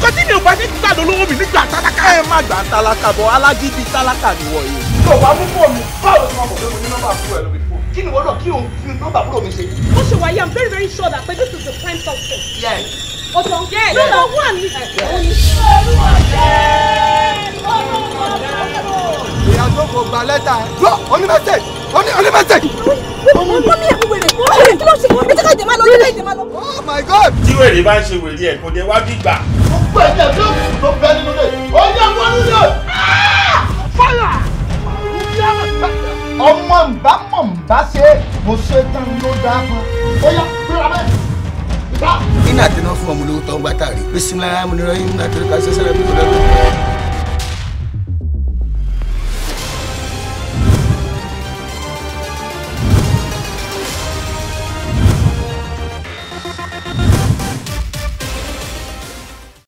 nǹkan tí mi ò bá ṣe gbàdọ̀ lọ́wọ́ mi nígbà tálákà. ẹ má gbà tálákà bọ alágídí tálákà ni wọ yóò wá mú fóònù báwo ni wọn mọ̀ pé mo ní nọ́mbà fún ẹ lóbi fóònù. kí ni wọ́n lọ kí òun fi nọ́mbà fún mi ṣe. ó ṣe wáyé i'm very very sure that this is the crime suspect. yes. ọ̀tọ̀ yes. ló lọ wà ní. ìyá kò gba lẹ́tà ẹ̀. lọ onímẹ̀sẹ̀ wèrè bá ń ṣe wèrè ẹ̀ kò dé wá bí gbà. gbogbo ẹ̀jẹ̀ tó tó bẹ nínú lè ó yẹ kó nílò. fọlá ọmọ nbá mọ̀ nbá ṣe mo ṣe tán ló dá kan ó yà pínlẹ̀ bẹ́ẹ̀. nínú àtẹnáfọ́ ọmọ olówó tó ń gbá tàrí bí sinmi lára mi ni rẹ́yìn nígbà tó ká ṣẹṣẹ rẹ̀ bí kò lọ́